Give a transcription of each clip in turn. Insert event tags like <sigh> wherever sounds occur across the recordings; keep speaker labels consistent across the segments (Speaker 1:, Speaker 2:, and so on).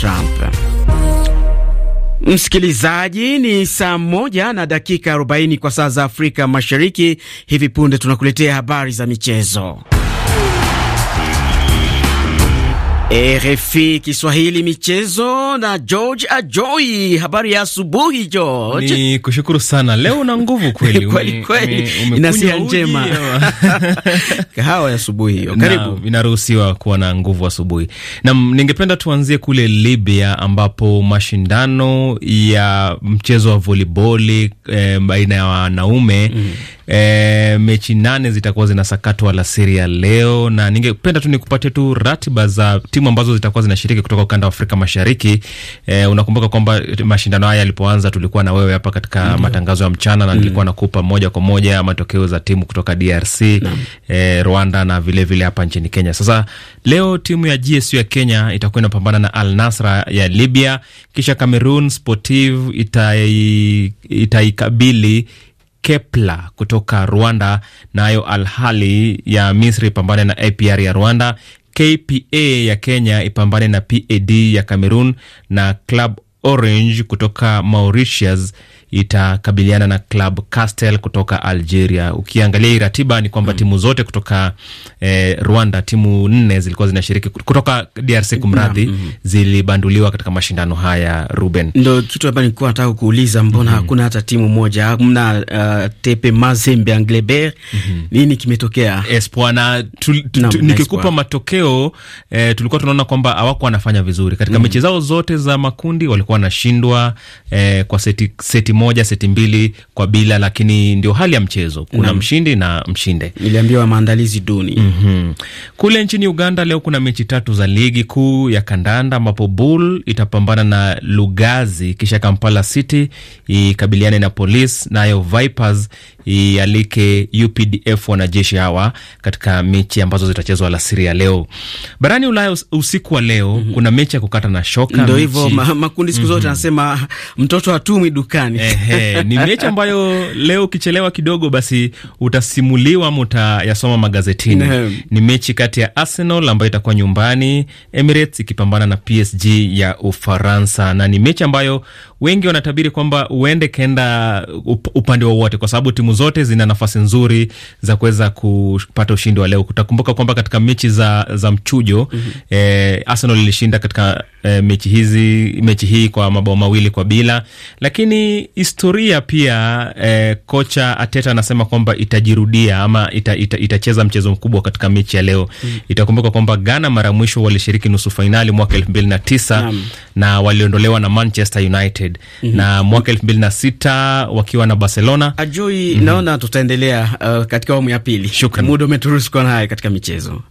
Speaker 1: Trump. Msikilizaji, ni saa moja na dakika 40 kwa saa za Afrika Mashariki. Hivi punde tunakuletea habari za michezo. RFI Kiswahili michezo na George Ajoi. Habari ya asubuhi George.
Speaker 2: Ni kushukuru sana leo na nguvu <laughs> kweli kweli kweli, inasia njema <laughs> kahawa ya asubuhi hiyo, karibu inaruhusiwa kuwa na nguvu asubuhi. Na ningependa tuanzie kule Libya ambapo mashindano ya mchezo wa voliboli eh, baina ya wanaume mm. eh, mechi nane zitakuwa zinasakatwa alasiri ya leo, na ningependa tu nikupatie tu ratiba za timu ambazo zitakuwa zinashiriki kutoka ukanda wa Afrika Mashariki. E, unakumbuka kwamba mashindano haya yalipoanza tulikuwa na wewe hapa katika Ndiyo. matangazo ya mchana na mm. nilikuwa nakupa moja kwa moja matokeo za timu kutoka DRC e, eh, Rwanda na vilevile vile hapa nchini Kenya. Sasa leo timu ya GSU ya Kenya itakuwa inapambana na Al Nasra ya Libya, kisha Cameroon Sportive itaikabili ita Kepla kutoka Rwanda, nayo na Al Ahly ya Misri ipambane na APR ya Rwanda, KPA ya Kenya ipambane na PAD ya Cameroon na Club Orange kutoka Mauritius itakabiliana na Club Castel kutoka Algeria. Ukiangalia hii ratiba ni kwamba mm. timu zote kutoka eh, Rwanda, timu nne zilikuwa zinashiriki kutoka DRC kumradhi, mm. zilibanduliwa katika mashindano haya. Ruben,
Speaker 1: ndo kitu hapa nilikuwa nataka kuuliza, mbona mm -hmm. hakuna hata timu moja
Speaker 2: mna uh, Tepe Mazembe Anglebert mm -hmm. nini kimetokea Espoir na nikikupa matokeo eh, tulikuwa tunaona kwamba hawako wanafanya vizuri katika mm -hmm. mechi zao zote za makundi walikuwa wanashindwa eh, kwa seti, seti moja seti mbili kwa bila, lakini ndio hali ya mchezo, kuna mm. mshindi na mshinde. Niliambiwa maandalizi duni mm -hmm. Kule nchini Uganda leo kuna mechi tatu za ligi kuu ya kandanda ambapo Bull itapambana na Lugazi, kisha Kampala City ikabiliane na Police, nayo Vipers ialike UPDF wanajeshi hawa katika mechi ambazo zitachezwa alasiri ya leo. Barani Ulaya usiku wa leo mm -hmm. kuna mechi ya kukata na shoka. Ndio hivyo ma, makundi siku zote mhm. anasema mm -hmm. mtoto hatumwi dukani. Ehe, ni mechi ambayo leo ukichelewa kidogo, basi utasimuliwa ama utayasoma magazetini mm -hmm. ni mechi kati ya Arsenal ambayo itakuwa nyumbani Emirates ikipambana na PSG ya Ufaransa, na ni mechi ambayo wengi wanatabiri kwamba uende kenda upande wowote kwa sababu timu zote zina nafasi nzuri za kuweza kupata ushindi wa leo. Utakumbuka kwamba katika mechi za, za mchujo mm -hmm. eh, Arsenal ilishinda katika Eh, mechi hizi mechi hii kwa mabao mawili kwa bila, lakini historia pia e, kocha Ateta anasema kwamba itajirudia ama ita, ita, itacheza mchezo mkubwa katika mechi ya leo mm. Itakumbuka kwamba Ghana mara mwisho walishiriki nusu fainali mwaka elfu mbili na tisa mm. na waliondolewa na Manchester United mm -hmm. na mwaka elfu mbili na sita wakiwa na Barcelona ajui mm -hmm. Naona tutaendelea uh, katika awamu ya pili. Shukran, muda umeturuhusu kuona katika
Speaker 1: michezo.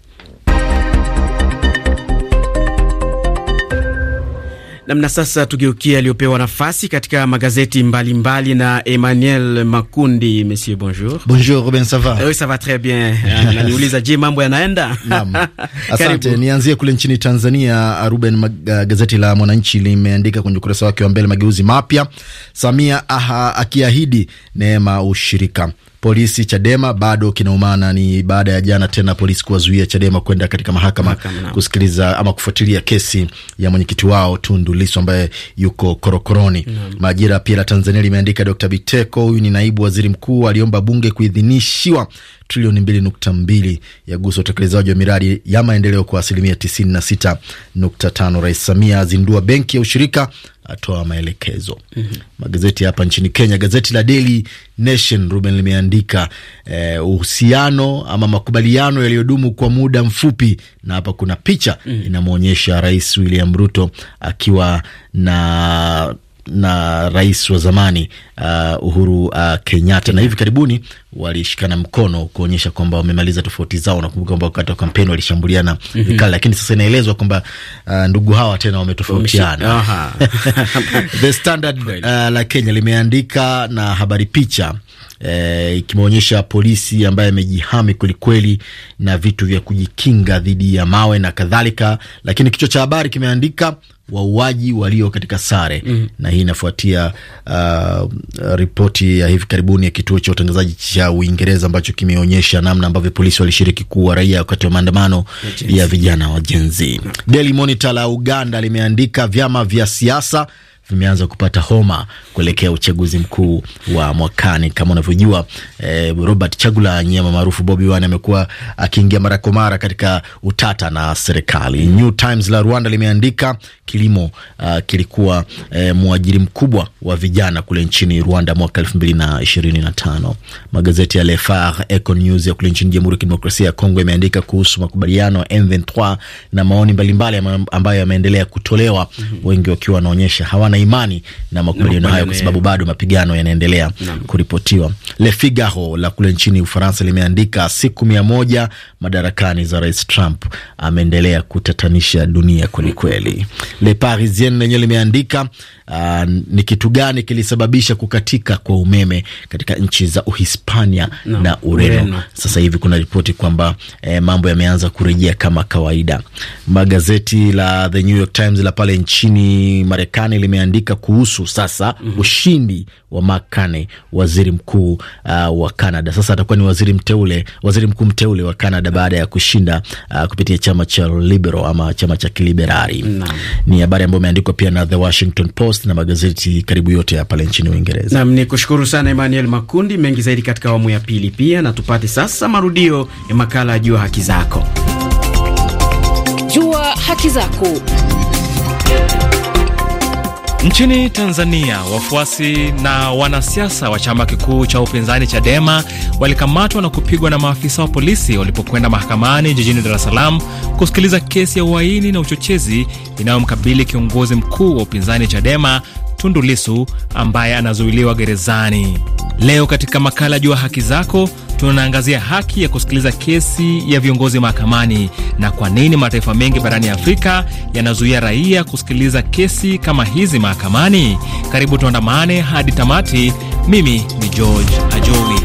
Speaker 1: Namna sasa, tugeukia aliyopewa nafasi katika magazeti mbalimbali mbali na Emmanuel Makundi. Monsieur, bonjour. Bonjour Ruben, ça va? Oui, ça va très bien. <laughs> Naniuliza, je, mambo yanaenda? Naam, <laughs> asante.
Speaker 3: Nianzie kule nchini Tanzania. Ruben, gazeti la Mwananchi limeandika kwenye ukurasa wake wa mbele mageuzi mapya, Samia aha, akiahidi neema ushirika polisi Chadema bado kinaumana. Ni baada ya jana tena polisi kuwazuia Chadema kwenda katika mahakama Makamna. kusikiliza ama kufuatilia kesi ya mwenyekiti wao Tundu Lissu ambaye yuko korokoroni Majira pia la Tanzania limeandika d Biteko, huyu ni naibu waziri mkuu, aliomba bunge kuidhinishiwa trilioni mbili nukta mbili ya guso utekelezaji wa miradi ya maendeleo kwa asilimia tisini na sita nukta tano. Rais Samia azindua benki ya ushirika atoa maelekezo. mm -hmm. Magazeti hapa nchini Kenya, gazeti la Daily Nation Ruben limeandika eh, uhusiano ama makubaliano yaliyodumu kwa muda mfupi, na hapa kuna picha mm -hmm. inamwonyesha Rais William Ruto akiwa na na rais wa zamani uh, Uhuru uh, Kenyatta, na hivi karibuni walishikana mkono kuonyesha kwamba wamemaliza tofauti zao. Nakumbuka kwamba wakati wa kampeni walishambuliana vikali mhm. mm -hmm. Lakini sasa inaelezwa kwamba uh, ndugu hawa tena wametofautiana. <laughs> The Standard uh, la Kenya limeandika na habari picha eh, ikimwonyesha e, polisi ambaye amejihami kwelikweli na vitu vya kujikinga dhidi ya mawe na kadhalika, lakini kichwa cha habari kimeandika wauaji walio katika sare mm. Na hii inafuatia uh, ripoti ya hivi karibuni ya kituo cha utangazaji cha Uingereza ambacho kimeonyesha namna ambavyo polisi walishiriki kuua raia wakati wa maandamano ya vijana wa jenzi. Z. Daily Monitor la Uganda limeandika vyama vya siasa vimeanza kupata homa kuelekea uchaguzi mkuu wa mwakani. Kama unavyojua eh, Robert Chagulanyi ama maarufu Bobi Wine amekuwa akiingia mara kwa mara katika utata na serikali. New Times la Rwanda limeandika kilimo uh, kilikuwa eh, mwajiri mkubwa wa vijana kule nchini Rwanda mwaka elfu mbili na ishirini na tano. Magazeti ya Le Phare, Eco News ya kule nchini Jamhuri ya Kidemokrasia ya Kongo imeandika kuhusu makubaliano M23 na maoni mbalimbali ambayo yameendelea kutolewa, mhm. wengi wakiwa wanaonyesha hawana hawana imani na makubaliano hayo, kwa sababu bado mapigano yanaendelea kuripotiwa. Le Figaro la kule nchini Ufaransa limeandika siku mia moja madarakani za rais Trump, ameendelea kutatanisha dunia kwelikweli. Le Parisien lenyewe limeandika Uh, ni kitu gani kilisababisha kukatika kwa umeme katika nchi za Uhispania no, na Ureno. Ureno sasa hivi kuna ripoti kwamba eh, mambo yameanza kurejea kama kawaida. Magazeti la The New York Times la pale nchini Marekani limeandika ameandika kuhusu sasa mm -hmm. ushindi wa Mark Carney, waziri mkuu uh, wa Canada. Sasa atakuwa ni waziri mteule, waziri mkuu mteule wa Canada baada ya kushinda uh, kupitia chama cha Liberal ama chama cha Kiliberali. Ni habari ambayo imeandikwa pia na The Washington Post na magazeti karibu yote ya pale nchini Uingereza.
Speaker 1: Nam ni kushukuru sana Emmanuel Makundi, mengi zaidi katika awamu ya pili pia, na tupate sasa marudio ya makala ya Jua Haki Zako. Jua Haki Zako.
Speaker 2: Nchini Tanzania, wafuasi na wanasiasa wa chama kikuu cha upinzani Chadema walikamatwa na kupigwa na maafisa wa polisi walipokwenda mahakamani jijini Dar es Salaam kusikiliza kesi ya uhaini na uchochezi inayomkabili kiongozi mkuu wa upinzani Chadema Tundu Lissu ambaye anazuiliwa gerezani. Leo katika makala juu ya haki zako tunaangazia haki ya kusikiliza kesi ya viongozi mahakamani na kwa nini mataifa mengi barani Afrika yanazuia raia kusikiliza kesi kama hizi mahakamani. Karibu tuandamane hadi tamati. Mimi ni George Ajowi.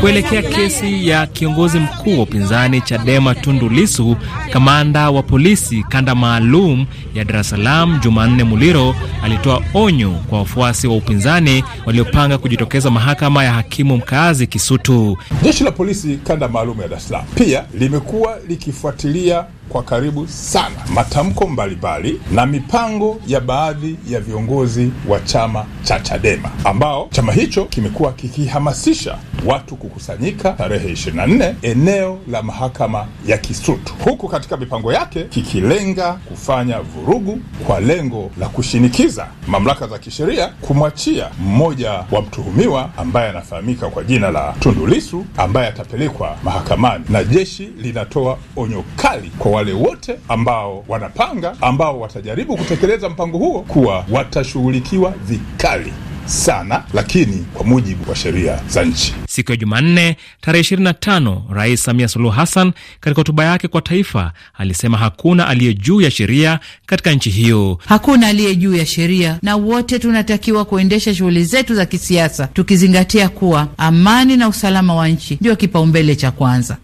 Speaker 2: Kuelekea kesi ya kiongozi mkuu wa upinzani Chadema Tundu Lisu, kamanda wa polisi kanda maalum ya Dar es Salaam Jumanne Muliro alitoa onyo kwa wafuasi wa upinzani waliopanga kujitokeza mahakama ya hakimu mkaazi Kisutu.
Speaker 4: Jeshi la polisi kanda maalum ya Dar es Salaam pia limekuwa likifuatilia kwa karibu sana matamko mbalimbali na mipango ya baadhi ya viongozi wa chama cha Chadema ambao chama hicho kimekuwa kikihamasisha kuhamasisha watu kukusanyika tarehe 24 eneo la mahakama ya Kisutu, huku katika mipango yake kikilenga kufanya vurugu kwa lengo la kushinikiza mamlaka za kisheria kumwachia mmoja wa mtuhumiwa ambaye anafahamika kwa jina la Tundu Lissu ambaye atapelekwa mahakamani, na jeshi linatoa onyo kali kwa wale wote ambao wanapanga, ambao watajaribu kutekeleza mpango huo kuwa watashughulikiwa vikali sana, lakini kwa mujibu wa sheria za nchi.
Speaker 2: Siku ya Jumanne tarehe 25, Rais Samia Suluhu Hassan katika hotuba yake kwa taifa alisema hakuna aliye juu ya sheria katika nchi hiyo. Hakuna aliye juu ya sheria, na wote tunatakiwa kuendesha shughuli zetu za kisiasa tukizingatia kuwa amani na usalama wa nchi ndio kipaumbele cha kwanza.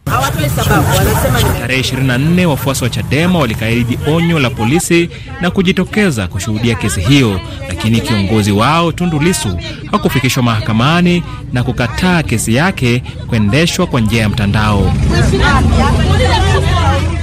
Speaker 2: Tarehe 24, wafuasi wa Chadema walikaidi onyo la polisi na kujitokeza kushuhudia kesi hiyo, lakini kiongozi wao Tundu Lisu hakufikishwa mahakamani na kukataa kesi kesi yake kuendeshwa kwa njia ya mtandao.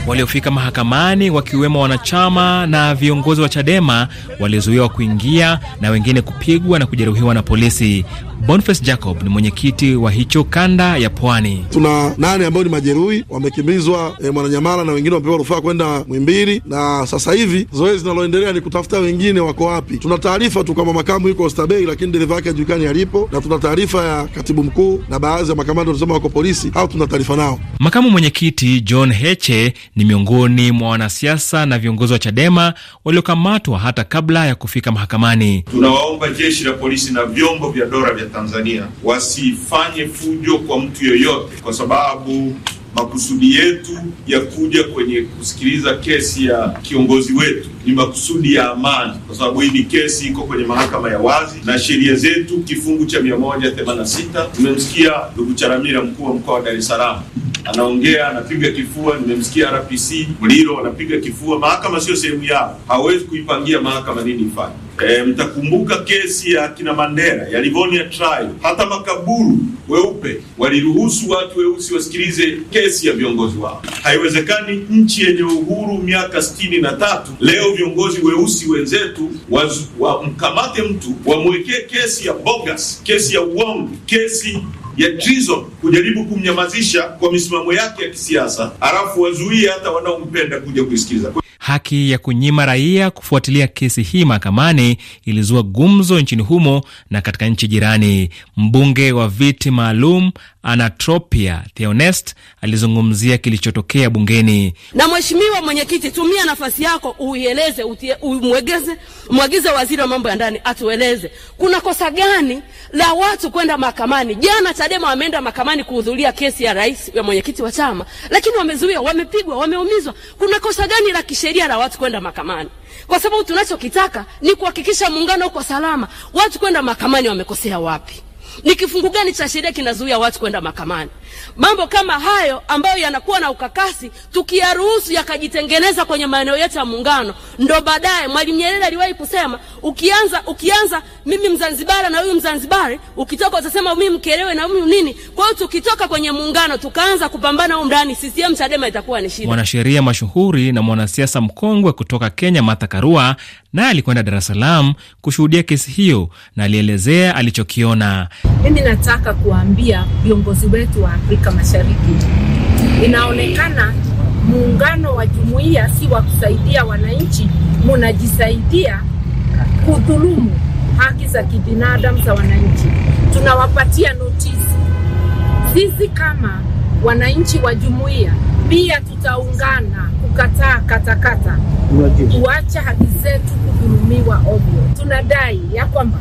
Speaker 2: Waliofika mahakamani wakiwemo wanachama na viongozi wa Chadema walizuiwa kuingia na wengine kupigwa na kujeruhiwa na polisi. Boniface Jacob ni mwenyekiti wa hicho kanda ya Pwani.
Speaker 3: Tuna nane ambao ni majeruhi wamekimbizwa e, Mwananyamala na wengine wamepewa rufaa kwenda Mwimbili, na sasa hivi zoezi linaloendelea ni kutafuta wengine wako wapi. Tuna taarifa tu kwamba makamu yuko Oysterbay, lakini dereva yake hajulikani alipo, na tuna taarifa ya katibu mkuu na baadhi ya makamanda wanasema wako polisi au tuna taarifa nao.
Speaker 2: Makamu mwenyekiti John Heche ni miongoni mwa wanasiasa na viongozi wa Chadema waliokamatwa hata kabla ya kufika mahakamani.
Speaker 4: Tunawaomba jeshi la polisi na vyombo vya dola vya Tanzania wasifanye fujo kwa mtu yoyote, kwa sababu makusudi yetu ya kuja kwenye kusikiliza kesi ya kiongozi wetu ni makusudi ya amani, kwa sababu hii ni kesi iko kwenye mahakama ya wazi na sheria zetu kifungu cha 186. Tumemsikia ndugu Charamira, mkuu wa mkoa wa Dar es Salaam, anaongea anapiga kifua. Nimemsikia RPC Mlilo anapiga kifua. Mahakama sio sehemu yao, hawezi kuipangia mahakama nini ifanye. E, mtakumbuka kesi ya kina Mandela ya Livonia trial, hata makaburu weupe waliruhusu watu weusi wasikilize kesi ya viongozi wao. Haiwezekani nchi yenye uhuru miaka sitini na tatu leo viongozi weusi wenzetu wamkamate wa mtu wamwekee kesi ya bogus, kesi ya uongo, kesi ya treason, kujaribu kumnyamazisha kwa misimamo yake ya kisiasa, alafu wazuie hata wanaompenda kuja kuisikiza.
Speaker 2: Haki ya kunyima raia kufuatilia kesi hii mahakamani ilizua gumzo nchini humo na katika nchi jirani. Mbunge wa viti maalum Anatropia Theonest alizungumzia kilichotokea bungeni.
Speaker 1: Na mheshimiwa mwenyekiti, tumia nafasi yako uieleze, umwegeze, mwagize waziri wa mambo ya ndani atueleze kuna kosa gani la watu kwenda mahakamani. Jana Chadema wameenda mahakamani kuhudhuria kesi ya rais ya mwenyekiti wa chama, lakini wamezuia, wamepigwa, wameumizwa. Kuna kosa gani la kisheria la watu kwenda mahakamani? Kwa sababu tunachokitaka ni kuhakikisha muungano uko salama. Watu kwenda mahakamani wamekosea wapi? Ni kifungu gani cha sheria kinazuia watu kwenda mahakamani? Mambo kama hayo ambayo yanakuwa na ukakasi, tukiyaruhusu yakajitengeneza kwenye maeneo yetu ya Muungano, ndo baadaye Mwalimu Nyerere aliwahi kusema, ukianza ukianza mimi Mzanzibari na huyu Mzanzibari, ukitoka utasema mimi Mkelewe na huyu nini. Kwa hiyo tukitoka kwenye Muungano tukaanza kupambana huko ndani, CCM Chadema
Speaker 2: itakuwa ni shida. Mwanasheria mashuhuri na mwanasiasa mkongwe kutoka Kenya Martha Karua naye alikwenda Dar es Salaam kushuhudia kesi hiyo na alielezea alichokiona. Mimi nataka kuambia viongozi wetu wa Afrika Mashariki.
Speaker 1: Inaonekana muungano wa jumuiya si wa kusaidia wananchi, munajisaidia kudhulumu haki za kibinadamu za wananchi. Tunawapatia notisi. Sisi kama wananchi wa jumuiya pia
Speaker 2: tutaungana kukataa katakata, kuacha haki zetu kudhulumiwa ovyo. Tunadai ya kwamba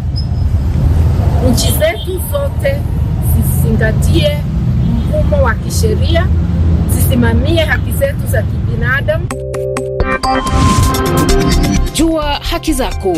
Speaker 2: nchi zetu zote zizingatie mfumo wa kisheria, zisimamie
Speaker 1: haki zetu za kibinadamu. Jua haki zako.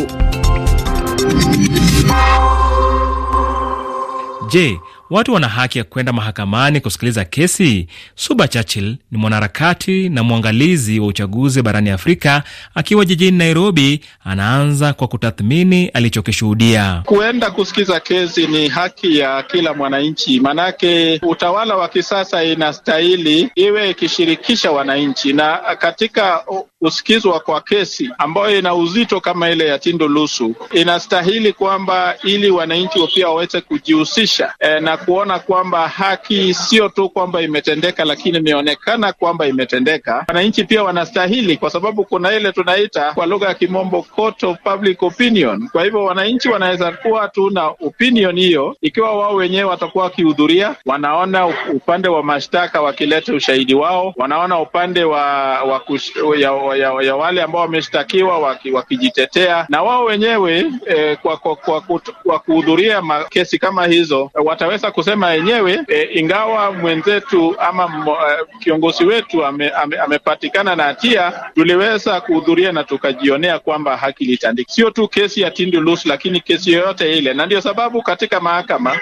Speaker 2: Je, watu wana haki ya kwenda mahakamani kusikiliza kesi. Suba Churchill ni mwanaharakati na mwangalizi wa uchaguzi barani Afrika. Akiwa jijini Nairobi, anaanza kwa kutathmini alichokishuhudia.
Speaker 5: Kuenda kusikiza kesi ni haki ya kila mwananchi, manake utawala wa kisasa inastahili iwe ikishirikisha wananchi, na katika kusikizwa kwa kesi ambayo ina uzito kama ile ya tindo lusu inastahili kwamba ili wananchi pia waweze kujihusisha e, na kuona kwamba haki sio tu kwamba imetendeka, lakini imeonekana kwamba imetendeka. Wananchi pia wanastahili, kwa sababu kuna ile tunaita kwa lugha ya kimombo court of public opinion. Kwa hivyo wananchi wanaweza kuwa tu na opinion hiyo, ikiwa wao wenyewe watakuwa wakihudhuria, wanaona upande wa mashtaka wakileta ushahidi wao, wanaona upande wa, wa kush, ya, ya, ya wale ambao wameshtakiwa waki, wakijitetea na wao wenyewe e, kwa, kwa, kwa, kwa kuhudhuria kesi kama hizo wataweza kusema wenyewe e, eh, ingawa mwenzetu ama e, kiongozi wetu ame, ame, amepatikana na hatia, tuliweza kuhudhuria na tukajionea kwamba haki litandika, sio tu kesi ya Tundu Lissu, lakini kesi yoyote ile, na ndio sababu katika mahakama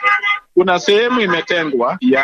Speaker 5: kuna sehemu imetengwa ya,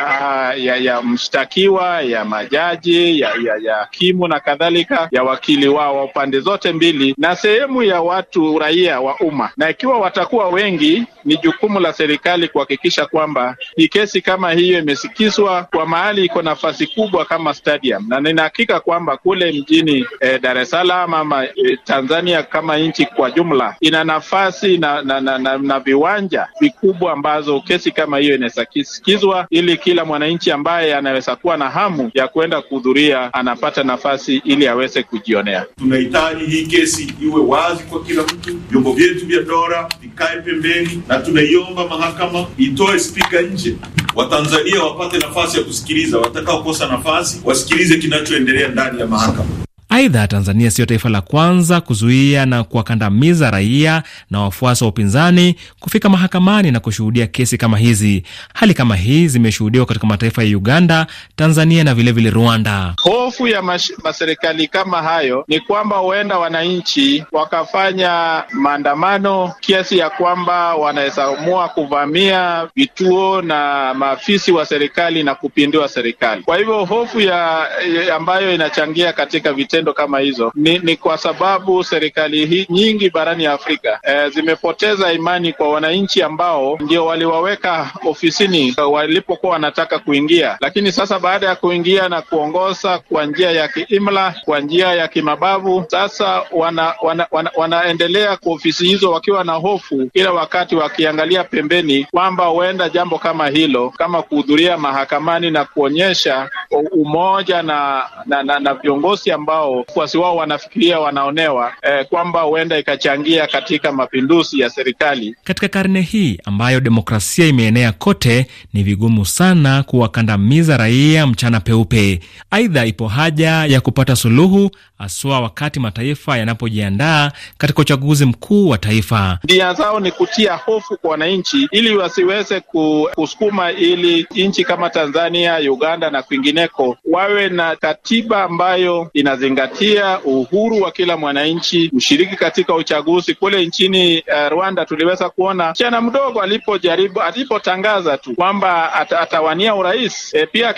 Speaker 5: ya, ya mshtakiwa ya majaji ya, ya, ya kimu na kadhalika ya wakili wao wa upande zote mbili na sehemu ya watu raia wa umma, na ikiwa watakuwa wengi, ni jukumu la serikali kuhakikisha kwamba ni kesi kama hiyo imesikizwa kwa mahali iko nafasi kubwa kama stadium, na ninahakika kwamba kule mjini eh, Dar es Salaam ama eh, Tanzania kama nchi kwa jumla ina nafasi na, na, na, na, na viwanja vikubwa ambazo kesi kama hiyo inasikizwa, ili kila mwananchi ambaye anaweza kuwa na hamu ya kwenda kuhudhuria anapata nafasi ili aweze kujionea.
Speaker 4: Tunahitaji hii kesi iwe wazi kwa kila mtu, vyombo vyetu vya dola vikae pembeni, na tunaiomba mahakama itoe spika nje, Watanzania wapate nafasi ya kusikiliza. Watakaokosa nafasi wasikilize kinachoendelea ndani ya mahakama.
Speaker 2: Aidha, Tanzania siyo taifa la kwanza kuzuia na kuwakandamiza raia na wafuasi wa upinzani kufika mahakamani na kushuhudia kesi kama hizi. Hali kama hii zimeshuhudiwa katika mataifa ya Uganda, Tanzania na vilevile vile Rwanda.
Speaker 5: Hofu ya maserikali kama hayo ni kwamba huenda wananchi wakafanya maandamano kiasi ya kwamba wanaweza amua kuvamia vituo na maafisi wa serikali na kupindua serikali. Kwa hivyo hofu ya ambayo inachangia katika vitendo vitendo kama hizo ni, ni kwa sababu serikali hii nyingi barani Afrika e, zimepoteza imani kwa wananchi ambao ndio waliwaweka ofisini walipokuwa wanataka kuingia, lakini sasa baada ya kuingia na kuongoza kwa njia ya kiimla, kwa njia ya kimabavu, sasa wana, wana, wana, wanaendelea kwa ofisi hizo wakiwa na hofu kila wakati, wakiangalia pembeni kwamba huenda jambo kama hilo kama kuhudhuria mahakamani na kuonyesha umoja na na, na, na viongozi ambao wafuasi wao wanafikiria wanaonewa eh, kwamba huenda ikachangia katika mapinduzi ya serikali.
Speaker 2: Katika karne hii ambayo demokrasia imeenea kote, ni vigumu sana kuwakandamiza raia mchana peupe. Aidha, ipo haja ya kupata suluhu haswa wakati mataifa yanapojiandaa katika uchaguzi mkuu wa taifa.
Speaker 5: Nia zao ni kutia hofu kwa wananchi ili wasiweze kusukuma, ili nchi kama Tanzania, Uganda na kwingineko wawe na katiba ambayo inazingatia uhuru wa kila mwananchi ushiriki katika uchaguzi. Kule nchini uh, Rwanda tuliweza kuona chana mdogo alipojaribu, alipotangaza tu kwamba at, atawania urais e, pia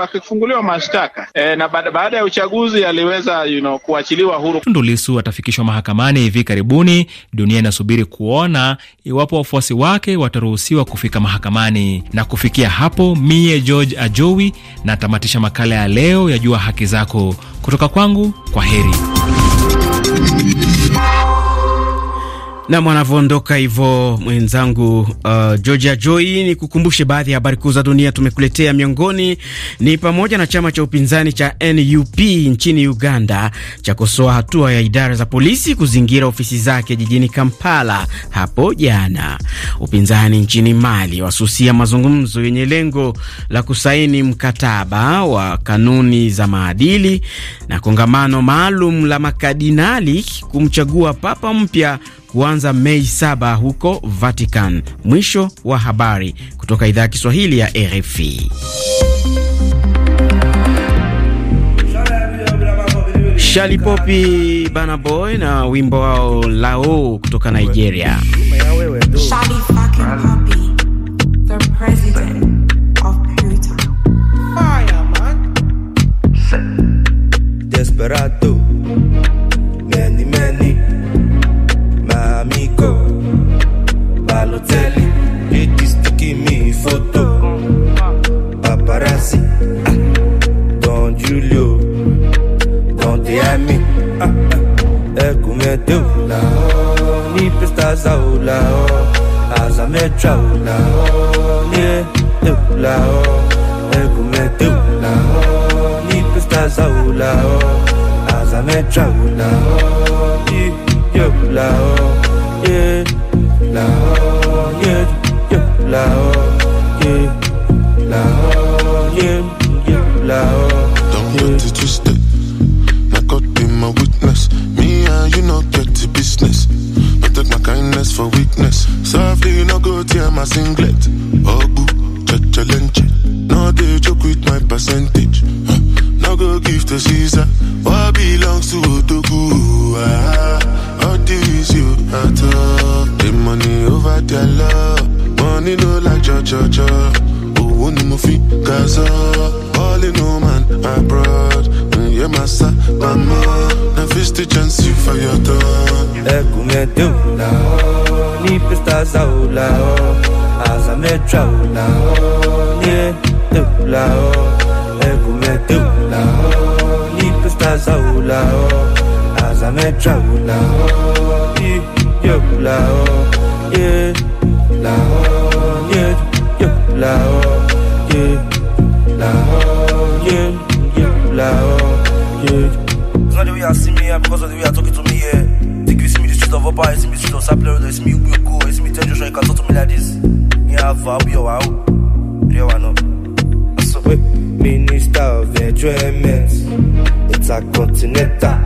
Speaker 5: akifunguliwa mashtaka e, na baada ya uchaguzi aliweza know, kuachiliwa huru.
Speaker 2: Tundu Lissu atafikishwa mahakamani hivi karibuni. Dunia inasubiri kuona iwapo wafuasi wake wataruhusiwa kufika mahakamani. Na kufikia hapo, mie George Ajowi na tamatisha makala ya leo ya Jua Haki Zako kutoka kwangu. Kwa heri.
Speaker 1: Nam anavyoondoka hivyo mwenzangu uh, Georgia Joy, ni kukumbushe baadhi ya habari kuu za dunia tumekuletea. Miongoni ni pamoja na chama cha upinzani cha NUP nchini Uganda chakosoa hatua ya idara za polisi kuzingira ofisi zake jijini Kampala hapo jana. Upinzani nchini Mali wasusia mazungumzo yenye lengo la kusaini mkataba wa kanuni za maadili, na kongamano maalum la makadinali kumchagua papa mpya kuanza Mei saba huko Vatican. Mwisho wa habari kutoka idhaa ya Kiswahili ya RFI. Shalipopi Bana Boy na wimbo wao lao kutoka Nigeria.
Speaker 6: Desperado do Ni pesta saula Aza me traula Ni dula Ego me dula Ni pesta zaula Aza me traula Ni yula Ye la o. Ye la o. Ye la o. Ye la o. tear my singlet. Obu, chachalenche. No they joke with my percentage. Huh. No go give to Caesar. What belongs to Otoku? Ah, all this you at all. The money over their love. Money no like cha cha cha. Owó ni mo fi ga All in no man abroad. Ǹyẹ́ mm, máa my màmá. Now, fist chance you for your door. Ẹ̀kú do now. Ni pista saula oh Asa me traula oh Ni tupla oh Ego me tupla o. Ni pista saula oh Asa me traula oh Ni yopla oh Ye la o. Ye yopla o, Ye la oh Ye yopla oh Ye me, and because of the way I talk it to cover by si mi sou nan sa ple rode Si mi ou yo go, si mi ten yo shon yi ka talk to me like this Ni ava ou yo It's a continental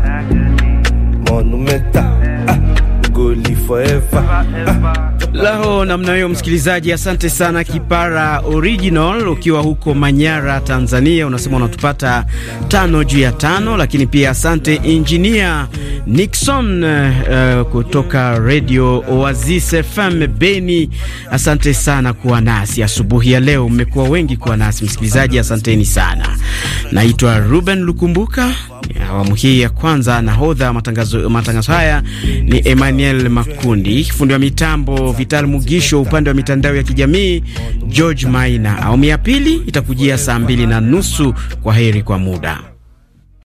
Speaker 6: Monumental forever.
Speaker 1: Laho namna hiyo, msikilizaji, asante sana Kipara Original, ukiwa huko Manyara, Tanzania, unasema unatupata tano juu ya tano. Lakini pia asante Engineer Nixon uh, kutoka Radio Oasis FM Beni, asante sana kuwa nasi asubuhi ya leo. Mmekuwa wengi kuwa nasi msikilizaji, asanteni sana. Naitwa Ruben Lukumbuka. Awamu hii ya kwanza nahodha matangazo, matangazo haya ni Emmanuel Mac kundi fundi wa mitambo Vital Mugisho, upande wa mitandao ya kijamii George
Speaker 6: Maina. Awamu ya pili itakujia saa mbili na nusu. Kwa heri kwa muda.